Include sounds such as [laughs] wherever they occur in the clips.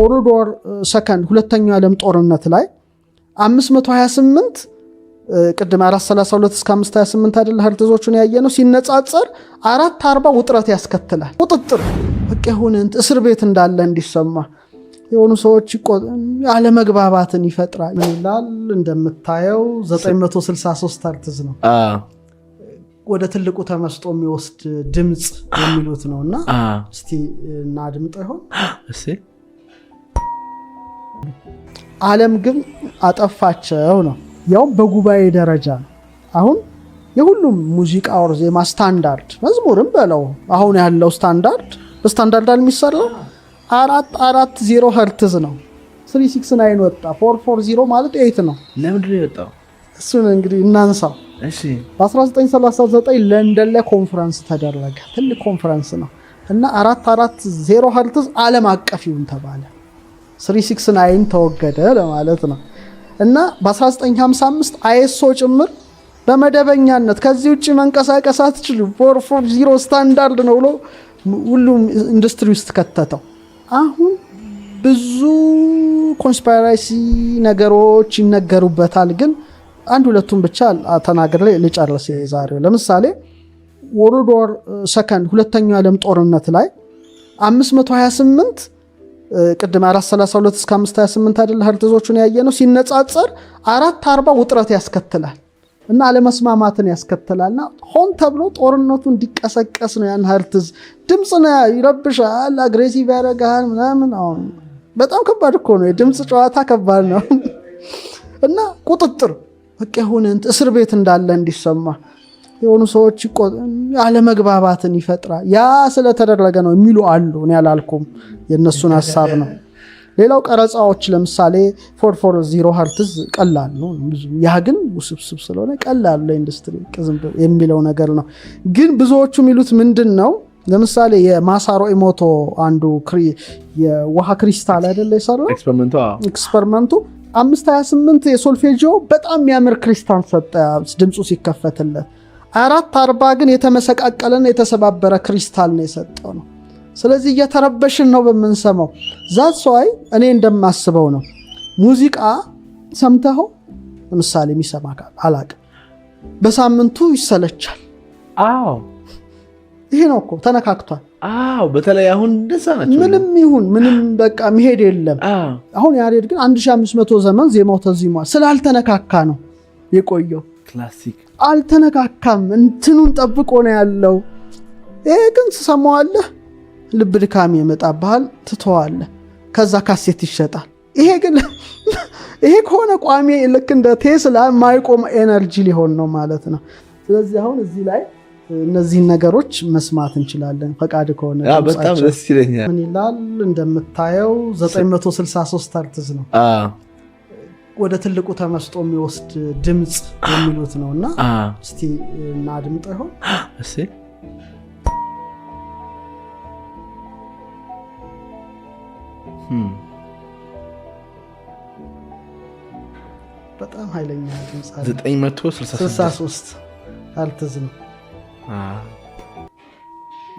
ወሮዶር ሰከንድ ሁለተኛው ዓለም ጦርነት ላይ 528 ቅድም 432 እስከ 528 አይደል ሀርተዞቹን ያየ ነው ሲነጻጸር 440 ውጥረት ያስከትላል። ቁጥጥር በቃ የሆነ እስር ቤት እንዳለ እንዲሰማ የሆኑ ሰዎች አለመግባባትን ይፈጥራል። ምን ይላል እንደምታየው 963 ህርትዝ ነው ወደ ትልቁ ተመስጦ የሚወስድ ድምፅ የሚሉት ነው እና እስቲ እናድምጠው ይሆን? እሺ ዓለም ግን አጠፋቸው ነው። ያውም በጉባኤ ደረጃ ነው። አሁን የሁሉም ሙዚቃ ወር ዜማ ስታንዳርድ መዝሙርም በለው አሁን ያለው ስታንዳርድ በስታንዳርድ አለ የሚሰራው አራት አራት ዜሮ ሄርትዝ ነው። ስሪ ሲክስ ናይን ወጣ ፎር ፎር ዜሮ ማለት ኤይት ነው። ለምንድን የወጣው እሱን እንግዲህ እናንሳው። በ1939 ለንደን ላይ ኮንፈረንስ ተደረገ። ትልቅ ኮንፈረንስ ነው እና አራት አራት ዜሮ ሄርትዝ አለም አቀፍ ይሁን ተባለ። 369 ተወገደ ለማለት ነው እና በ1955 አይኤስኦ ጭምር በመደበኛነት ከዚህ ውጭ መንቀሳቀስ አትችሉ ፎርፎ ዚሮ ስታንዳርድ ነው ብሎ ሁሉም ኢንዱስትሪ ውስጥ ከተተው። አሁን ብዙ ኮንስፓይራሲ ነገሮች ይነገሩበታል፣ ግን አንድ ሁለቱም ብቻ ተናግረ ልጨርስ ዛሬ ለምሳሌ ወርልድ ዎር ሰከንድ ሁለተኛው ዓለም ጦርነት ላይ 528 ቅድም 432 እስከ 528 አይደል ሀርተዞቹን ያየ ነው ሲነጻጸር 440 ውጥረት ያስከትላል እና አለመስማማትን ያስከትላልና ሆን ተብሎ ጦርነቱ እንዲቀሰቀስ ነው። ያን ሄርትዝ ድምፅ ነው ይረብሻል፣ አግሬሲቭ ያደርግሃል ምናምን። አሁን በጣም ከባድ እኮ ነው የድምፅ ጨዋታ ከባድ ነው እና ቁጥጥር በቃ የሆነ እስር ቤት እንዳለ እንዲሰማ የሆኑ ሰዎች አለመግባባትን ይፈጥራል። ያ ስለተደረገ ነው የሚሉ አሉ። እኔ አላልኩም፣ የእነሱን ሀሳብ ነው። ሌላው ቀረጻዎች ለምሳሌ ፎር ፎር ዚሮ ሀርትዝ ቀላል ነው ያ ግን ውስብስብ ስለሆነ ቀላሉ ለኢንዱስትሪ ቅዝም የሚለው ነገር ነው። ግን ብዙዎቹ የሚሉት ምንድን ነው? ለምሳሌ የማሳሮ ኢሞቶ አንዱ የውሃ ክሪስታል አይደለ የሰራው ኤክስፐሪመንቱ 28 የሶልፌጂዮ በጣም የሚያምር ክሪስታል ሰጠ ድምፁ ሲከፈትለት አራት አርባ ግን የተመሰቃቀለና የተሰባበረ ክሪስታል ነው የሰጠው ነው። ስለዚህ እየተረበሽን ነው በምንሰማው። ዛት ሰዋይ እኔ እንደማስበው ነው ሙዚቃ ሰምተው ለምሳሌ የሚሰማ አላቅ በሳምንቱ ይሰለቻል። አዎ ይሄ ነው እኮ ተነካክቷል። አዎ በተለይ አሁን ናቸው። ምንም ይሁን ምንም በቃ መሄድ የለም። አሁን ያሬድ ግን 1500 ዘመን ዜማው ተዚሟል ስላልተነካካ ነው የቆየው። ክላሲክ አልተነካካም፣ እንትኑን ጠብቆ ነው ያለው። ይሄ ግን ትሰማዋለህ፣ ልብ ድካም የመጣብሃል፣ ትተዋለህ። ከዛ ካሴት ይሸጣል። ይሄ ግን [laughs] ይሄ ከሆነ ቋሚ ልክ እንደ ቴስላ ማይቆም ኤነርጂ ሊሆን ነው ማለት ነው። ስለዚህ አሁን እዚህ ላይ እነዚህን ነገሮች መስማት እንችላለን። ፈቃድ ከሆነ በጣም ደስ ይለኛል። ምን ይላል እንደምታየው 963 ሄርትዝ ነው። ወደ ትልቁ ተመስጦ የሚወስድ ድምፅ የሚሉት ነው እና እስቲ እና ድምጠ ይሆን በጣም ኃይለኛ ድምፅ 963 አልትዝ ነው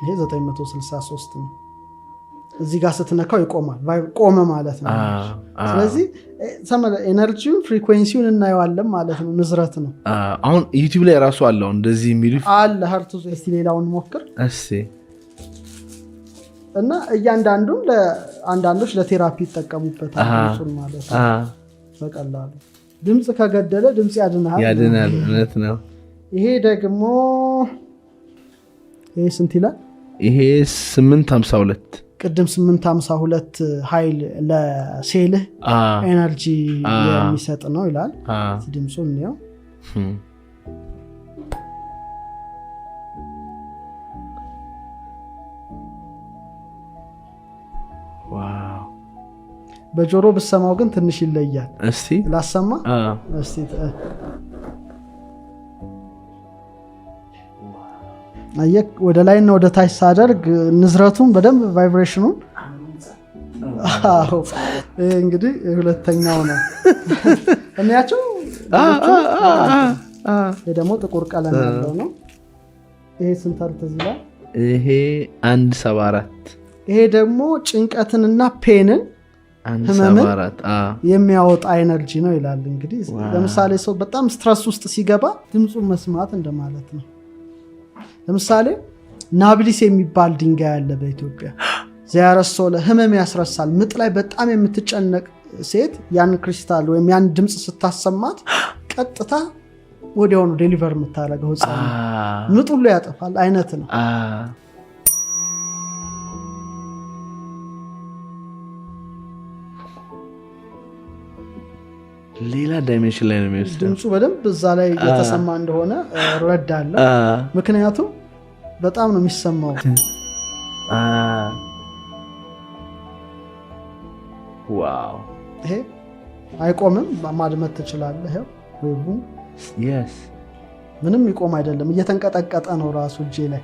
ይሄ 963 ነው። እዚህ ጋር ስትነካው ይቆማል፣ ቆመ ማለት ነው። ስለዚህ ኤነርጂውን ፍሪኩዌንሲውን እናየዋለን ማለት ነው። ንዝረት ነው። አሁን ዩቲብ ላይ ራሱ አለው እንደዚህ የሚሉ አለ። ሀርቱ እስቲ ሌላውን ሞክር እና እያንዳንዱም አንዳንዶች ለቴራፒ ይጠቀሙበታል ማለት ነው። በቀላሉ ድምፅ ከገደለ ድምፅ ያድናል፣ እውነት ነው። ይሄ ደግሞ ይሄ ስንት ይላል? ይሄ ስምንት ሀምሳ ሁለት ቅድም 852 ኃይል ለሴልህ ኤነርጂ የሚሰጥ ነው ይላል። ድምፁ እንየው። በጆሮ ብሰማው ግን ትንሽ ይለያል። እስቲ ላሰማ ወደ ላይና ወደ ታች ሳደርግ ንዝረቱን በደንብ ቫይብሬሽኑን እንግዲህ ሁለተኛው ነው እናያቸው። ይህ ደግሞ ጥቁር ቀለም ያለው ነው። ይሄ ስንት አሉት ይሄ አንድ ሰባ አራት ይሄ ደግሞ ጭንቀትንና ፔንን ህመምን የሚያወጣ ኤነርጂ ነው ይላል። እንግዲህ ለምሳሌ ሰው በጣም ስትረስ ውስጥ ሲገባ ድምፁን መስማት እንደማለት ነው። ለምሳሌ ናብሊስ የሚባል ድንጋይ አለ በኢትዮጵያ ዚያረሶለ ህመም ያስረሳል። ምጥ ላይ በጣም የምትጨነቅ ሴት ያን ክሪስታል ወይም ያን ድምፅ ስታሰማት ቀጥታ ወዲያውኑ ዴሊቨር የምታደርገው ህፃን ምጥ ሁሉ ያጠፋል አይነት ነው። ሌላ ዳይሜንሽን ላይ ነው የሚወስደው። ድምፁ በደንብ እዛ ላይ የተሰማ እንደሆነ እረዳለሁ። ምክንያቱም በጣም ነው የሚሰማው። ዋው! ይሄ አይቆምም፣ ማድመት ትችላለህ። ምንም ይቆም አይደለም፣ እየተንቀጠቀጠ ነው ራሱ እጄ ላይ።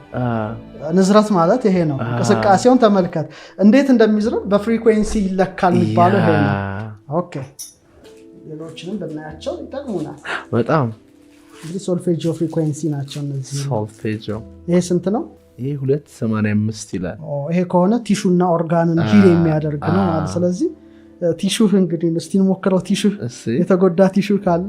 ንዝረት ማለት ይሄ ነው። እንቅስቃሴውን ተመልከት እንዴት እንደሚዝረው በፍሪኩዌንሲ ይለካል የሚባለው ይሄ ነው። ኦኬ ሌሎችንም ብናያቸው ይጠቅሙናል በጣም እንግዲህ ሶልፌጆ ፍሪኮንሲ ናቸው እነዚህ ሶልፌጆ ይሄ ስንት ነው ይሄ ሁለት ሰማንያ አምስት ይላል ይሄ ከሆነ ቲሹና ኦርጋንን ሂል የሚያደርግ ነው ማለት ስለዚህ ቲሹ እንግዲህ እስቲ ሞክረው ቲሹ የተጎዳ ቲሹ ካለ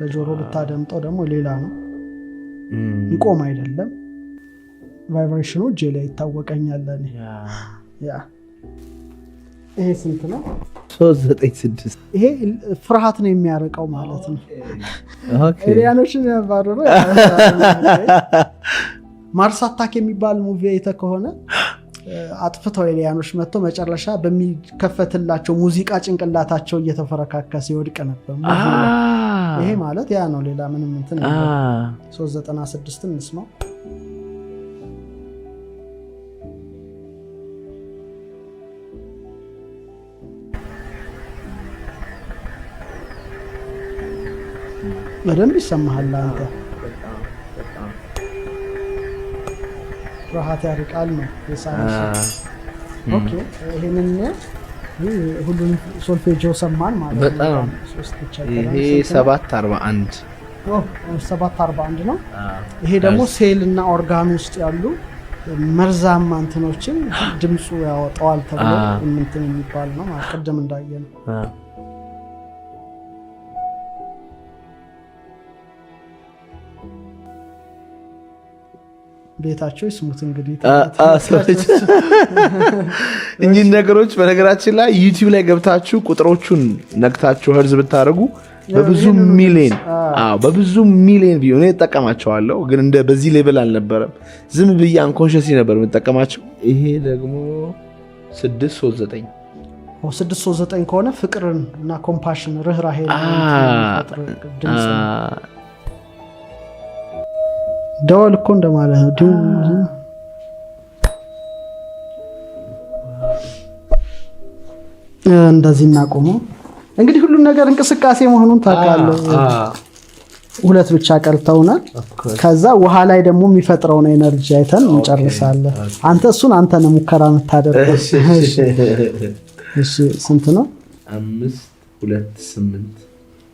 በጆሮ ብታደምጠው ደግሞ ሌላ ነው ይቆም አይደለም ቫይብሬሽኑ እጄ ላይ ይታወቀኛል። ይሄ ስንት ነው? ይሄ ፍርሃት ነው የሚያረቀው ማለት ነው። ኤልያኖችን ያባረሩ ማርስ አታክ የሚባል ሙቪ አይተህ ከሆነ አጥፍተው ኤሊያኖች መጥቶ መጨረሻ በሚከፈትላቸው ሙዚቃ ጭንቅላታቸው እየተፈረካከሰ ይወድቅ ነበር። ይሄ ማለት ያ ነው። ሌላ ምንም እንትን 396 እንስማው በደንብ ይሰማሃል። አንተ ፍርሃት ያርቃል ነው የሳይንስ ኦኬ። ይሄንን ሁሉን ሶልፌጆ ሰማን ማለት በጣም ይሄ ሰባት አርባ አንድ ሰባት አርባ አንድ ነው። ይሄ ደግሞ ሴል እና ኦርጋን ውስጥ ያሉ መርዛማ እንትኖችን ድምፁ ያወጣዋል ተብሎ እንትን የሚባል ነው። ቅድም እንዳየ ነው ቤታቸው ይስሙት። እንግዲህ [laughs] እኚህ ነገሮች በነገራችን ላይ ዩቲዩብ ላይ ገብታችሁ ቁጥሮቹን ነግታችሁ ህርዝ ብታደርጉ በብዙ ሚሊዮን በብዙ ሚሊዮን ቪው እኔ እጠቀማቸዋለሁ፣ ግን እንደ በዚህ ሌቭል አልነበረም። ዝም ብዬ አንኮንሽስ ነበር የምጠቀማቸው። ይሄ ደግሞ 639 ስድስት ዘጠኝ ከሆነ ፍቅርን እና ኮምፓሽን ርኅራሄ ደወል እኮ እንደማለት ነው። እንደዚህ እናቆመው። እንግዲህ ሁሉም ነገር እንቅስቃሴ መሆኑን ታውቃለህ። ሁለት ብቻ ቀርተውናል። ከዛ ውሃ ላይ ደግሞ የሚፈጥረውን ኤነርጂ አይተን እንጨርሳለን። አንተ እሱን አንተ ነው ሙከራ የምታደርገው። ስንት ነው?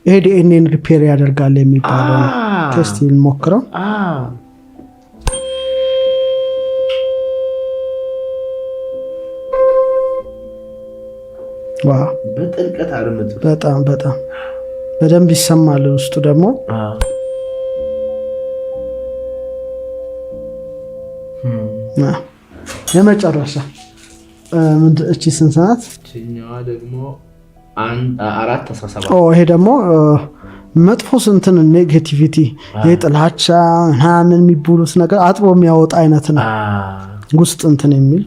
ይሄ ዲኤንኤን ሪፔር ያደርጋል የሚባለው ቴስት ሞክረው በጥልቀት አድምጥ። በጣም በጣም በደንብ ይሰማል። ውስጡ ደግሞ የመጨረሻ እቺ ስንት ሰዓት? ይሄ ደግሞ መጥፎ ስንትን ኔጌቲቪቲ የጥላቻ ምናምን የሚብሉት ነገር አጥቦ የሚያወጣ አይነት ነው ውስጥ እንትን የሚል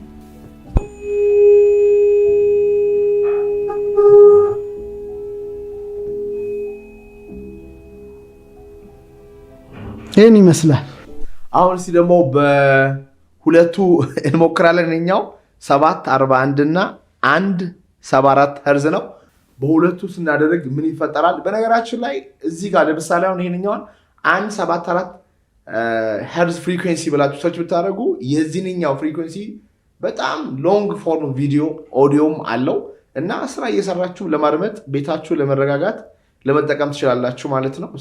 ይህን ይመስላል። አሁን እስኪ ደግሞ በሁለቱ እንሞክራለን። እኛው ሰባት አርባ አንድ እና አንድ ሰባ አራት ሄርዝ ነው። በሁለቱ ስናደርግ ምን ይፈጠራል? በነገራችን ላይ እዚህ ጋር ለምሳሌ አሁን ይሄንኛውን አንድ ሰባት አራት ሄርዝ ፍሪኩንሲ ብላችሁ ሰርች ብታደርጉ የዚህንኛው ፍሪኩንሲ በጣም ሎንግ ፎርም ቪዲዮ ኦዲዮም አለው እና ስራ እየሰራችሁ ለማድመጥ ቤታችሁ ለመረጋጋት ለመጠቀም ትችላላችሁ ማለት ነው።